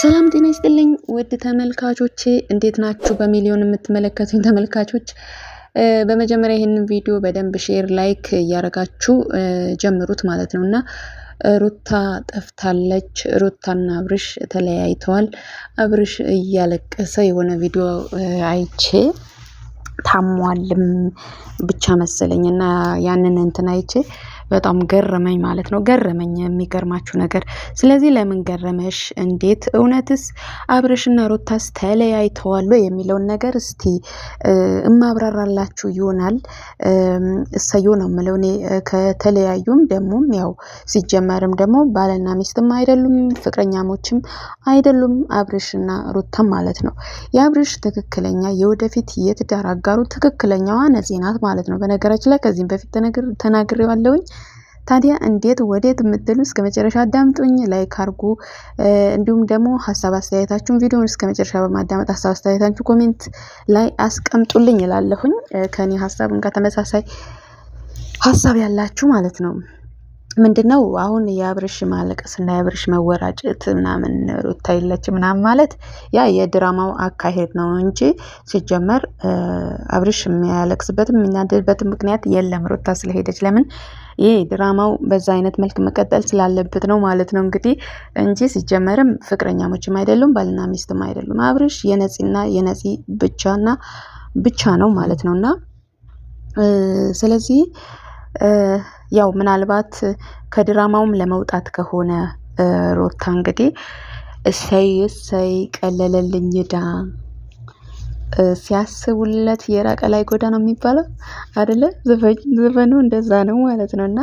ሰላም ጤና ይስጥልኝ ውድ ተመልካቾቼ እንዴት ናችሁ? በሚሊዮን የምትመለከቱኝ ተመልካቾች በመጀመሪያ ይህንን ቪዲዮ በደንብ ሼር፣ ላይክ እያደረጋችሁ ጀምሩት ማለት ነው እና ሩታ ጠፍታለች። ሩታና አብርሽ ተለያይተዋል። አብርሽ እያለቀሰ የሆነ ቪዲዮ አይቼ ታሟልም ብቻ መሰለኝ እና ያንን እንትን አይቼ በጣም ገረመኝ ማለት ነው። ገረመኝ የሚገርማችሁ ነገር። ስለዚህ ለምን ገረመሽ? እንዴት? እውነትስ አብርሽና ሩታስ ተለያይተዋል የሚለውን ነገር እስቲ እማብራራላችሁ ይሆናል። እሰየው ነው የምለው እኔ ከተለያዩም ደግሞም ያው ሲጀመርም ደግሞ ባልና ሚስትም አይደሉም ፍቅረኛሞችም አይደሉም አብርሽና ሩታም ማለት ነው። የአብርሽ ትክክለኛ የወደፊት የትዳር አጋሩ ትክክለኛዋ ነፂ ናት ማለት ነው። በነገራችን ላይ ከዚህም በፊት ተናግሬዋለሁኝ። ታዲያ እንዴት ወዴት የምትሉ እስከ መጨረሻ አዳምጡኝ። ላይክ አርጉ፣ እንዲሁም ደግሞ ሀሳብ አስተያየታችሁን ቪዲዮውን እስከ መጨረሻ በማዳመጥ ሀሳብ አስተያየታችሁ ኮሜንት ላይ አስቀምጡልኝ እላለሁኝ። ከኔ ሀሳብን ተመሳሳይ ሀሳብ ያላችሁ ማለት ነው። ምንድነው አሁን የአብርሽ ማለቀስ እና የአብርሽ መወራጨት ምናምን ሩታ የለች ምናምን ማለት ያ የድራማው አካሄድ ነው እንጂ ሲጀመር አብርሽ የሚያለቅስበትም የሚናደድበትም ምክንያት የለም። ሩታ ስለሄደች ለምን ይህ ድራማው በዛ አይነት መልክ መቀጠል ስላለበት ነው ማለት ነው እንግዲህ እንጂ ሲጀመርም ፍቅረኛሞችም አይደሉም፣ ባልና ሚስትም አይደሉም። አብርሽ የነፂና የነፂ ብቻና ብቻ ነው ማለት ነው እና ስለዚህ ያው ምናልባት ከድራማውም ለመውጣት ከሆነ ሮታ እንግዲህ እሰይ እሰይ ቀለለልኝ ዳ ሲያስቡለት የራቀ ላይ ጎዳ ነው የሚባለው አደለ? ዘፈኑ እንደዛ ነው ማለት ነው እና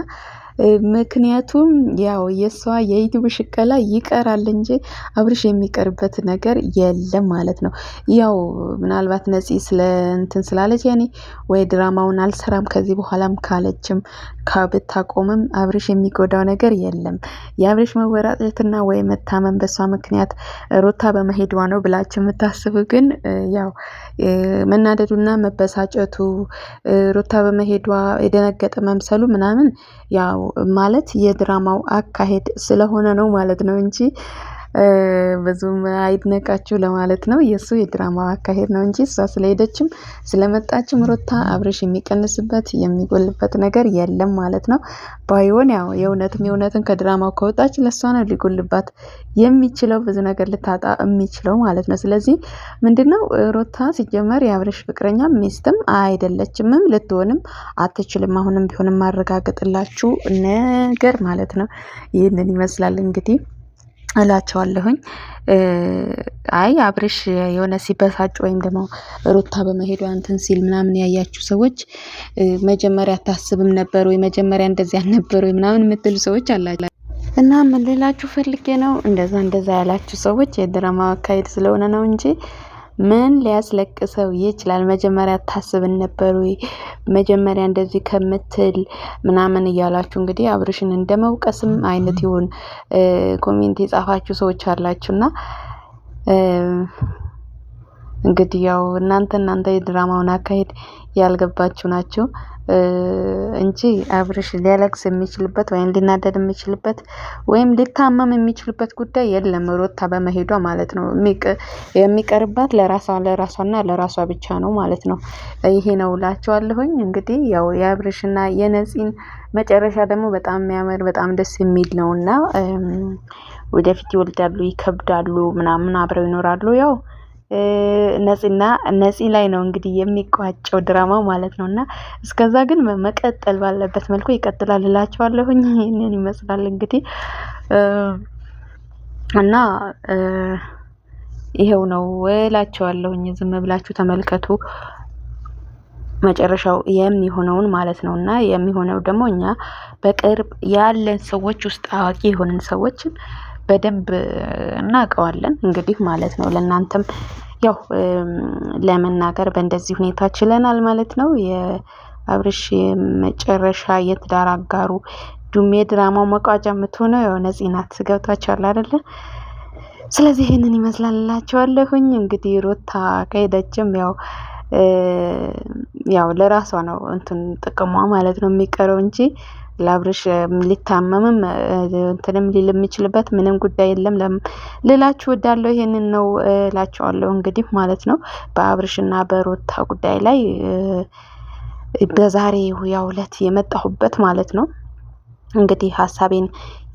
ምክንያቱም ያው የእሷ የዩቲዩብ ሽከላ ይቀራል እንጂ አብርሽ የሚቀርበት ነገር የለም ማለት ነው። ያው ምናልባት ነፂ ስለ እንትን ስላለች ያኔ ወይ ድራማውን አልሰራም ከዚህ በኋላም ካለችም ብታቆምም አብርሽ የሚጎዳው ነገር የለም። የአብርሽ መወራጨትና ወይ መታመን በእሷ ምክንያት ሩታ በመሄድዋ ነው ብላችሁ የምታስቡ ግን ያው መናደዱና መበሳጨቱ ሩታ በመሄዷ የደነገጠ መምሰሉ ምናምን ያው ማለት የድራማው አካሄድ ስለሆነ ነው ማለት ነው እንጂ ብዙም አይድነቃችሁ ለማለት ነው። የእሱ የድራማ አካሄድ ነው እንጂ እሷ ስለሄደችም ስለመጣችም ሩታ አብርሽ የሚቀንስበት የሚጎልበት ነገር የለም ማለት ነው። ባይሆን ያው የእውነትም የእውነትን ከድራማው ከወጣች ለእሷ ነው ሊጎልባት የሚችለው ብዙ ነገር ልታጣ የሚችለው ማለት ነው። ስለዚህ ምንድነው ሮታ ሩታ ሲጀመር የአብርሽ ፍቅረኛ ሚስትም አይደለችምም ልትሆንም አትችልም። አሁንም ቢሆንም ማረጋገጥላችሁ ነገር ማለት ነው። ይህንን ይመስላል እንግዲህ እላቸዋለሁኝ። አይ አብርሽ የሆነ ሲበሳጭ ወይም ደግሞ ሩታ በመሄዱ እንትን ሲል ምናምን ያያችሁ ሰዎች መጀመሪያ አታስብም ነበር ወይ መጀመሪያ እንደዚህ አልነበር ወይ ምናምን የምትሉ ሰዎች አላችሁ እና ምን ልላችሁ ፈልጌ ነው እንደዛ እንደዛ ያላችሁ ሰዎች የድራማ አካሄድ ስለሆነ ነው እንጂ ምን ሊያስለቅሰው ይችላል? መጀመሪያ ታስብን ነበሩ መጀመሪያ እንደዚህ ከምትል ምናምን እያላችሁ እንግዲህ አብርሽን እንደ መውቀስም አይነት ይሁን ኮሜንት የጻፋችሁ ሰዎች አላችሁና እንግዲህ ያው እናንተ እናንተ የድራማውን አካሄድ ያልገባችሁ ናችሁ እንጂ አብርሽ ሊያለቅስ የሚችልበት ወይም ሊናደድ የሚችልበት ወይም ሊታመም የሚችልበት ጉዳይ የለም። ሮታ በመሄዷ ማለት ነው። የሚቀርባት ለራሷ ለራሷና ለራሷ ብቻ ነው ማለት ነው። ይሄ ነው እላቸዋለሁኝ። እንግዲህ ያው የአብርሽና የነፂን መጨረሻ ደግሞ በጣም የሚያምር በጣም ደስ የሚል ነው እና ወደፊት ይወልዳሉ፣ ይከብዳሉ፣ ምናምን አብረው ይኖራሉ ያው ነፂና ነፂ ላይ ነው እንግዲህ የሚቋጨው ድራማ ማለት ነው። እና እስከዛ ግን መቀጠል ባለበት መልኩ ይቀጥላል እላቸዋለሁኝ። ይህንን ይመስላል እንግዲህ እና ይሄው ነው እላቸዋለሁኝ። ዝም ብላችሁ ተመልከቱ መጨረሻው የሚሆነውን ማለት ነው። እና የሚሆነው ደግሞ እኛ በቅርብ ያለን ሰዎች ውስጥ አዋቂ የሆንን ሰዎችን በደንብ እናውቀዋለን እንግዲህ ማለት ነው። ለእናንተም ያው ለመናገር በእንደዚህ ሁኔታ ችለናል ማለት ነው። የአብርሽ መጨረሻ የትዳር አጋሩ ዱሜ ድራማው መቋጫ የምትሆነው የሆነ ጽናት ገብታችኋል አይደለ? ስለዚህ ይህንን ይመስላልላቸዋለሁኝ። እንግዲህ ሩታ ከሄደችም ያው ያው ለራሷ ነው እንትን ጥቅሟ ማለት ነው የሚቀረው እንጂ ለአብርሽ ሊታመምም እንትንም ሊል የሚችልበት ምንም ጉዳይ የለም። ልላችሁ ወዳለሁ ይሄንን ነው እላችኋለሁ። እንግዲህ ማለት ነው በአብርሽና በሮታ ጉዳይ ላይ በዛሬው ያው ዕለት የመጣሁበት ማለት ነው። እንግዲህ ሀሳቤን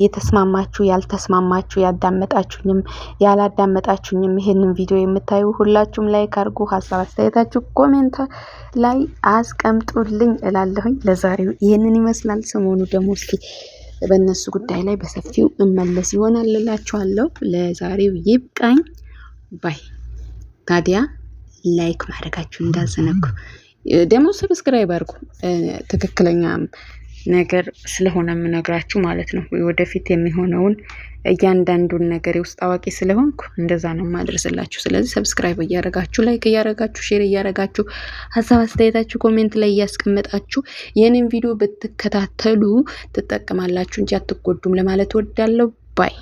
የተስማማችሁ ያልተስማማችሁ፣ ያዳመጣችሁኝም ያላዳመጣችሁኝም ይህንን ቪዲዮ የምታዩ ሁላችሁም ላይክ አድርጉ፣ ሀሳብ አስተያየታችሁ ኮሜንት ላይ አስቀምጡልኝ እላለሁኝ። ለዛሬው ይህንን ይመስላል። ሰሞኑ ደግሞ እስኪ በእነሱ ጉዳይ ላይ በሰፊው እመለስ ይሆናል እላችኋለሁ። ለዛሬው ይብቃኝ ባይ። ታዲያ ላይክ ማድረጋችሁ እንዳዘነጉ ደግሞ ሰብስክራይብ አድርጉ ትክክለኛ ነገር ስለሆነ የምነግራችሁ ማለት ነው። ወደፊት የሚሆነውን እያንዳንዱን ነገር የውስጥ አዋቂ ስለሆንኩ እንደዛ ነው የማደርስላችሁ። ስለዚህ ሰብስክራይብ እያረጋችሁ፣ ላይክ እያረጋችሁ፣ ሼር እያረጋችሁ፣ ሀሳብ አስተያየታችሁ ኮሜንት ላይ እያስቀመጣችሁ ይህንን ቪዲዮ ብትከታተሉ ትጠቀማላችሁ እንጂ አትጎዱም ለማለት ወዳለው ባይ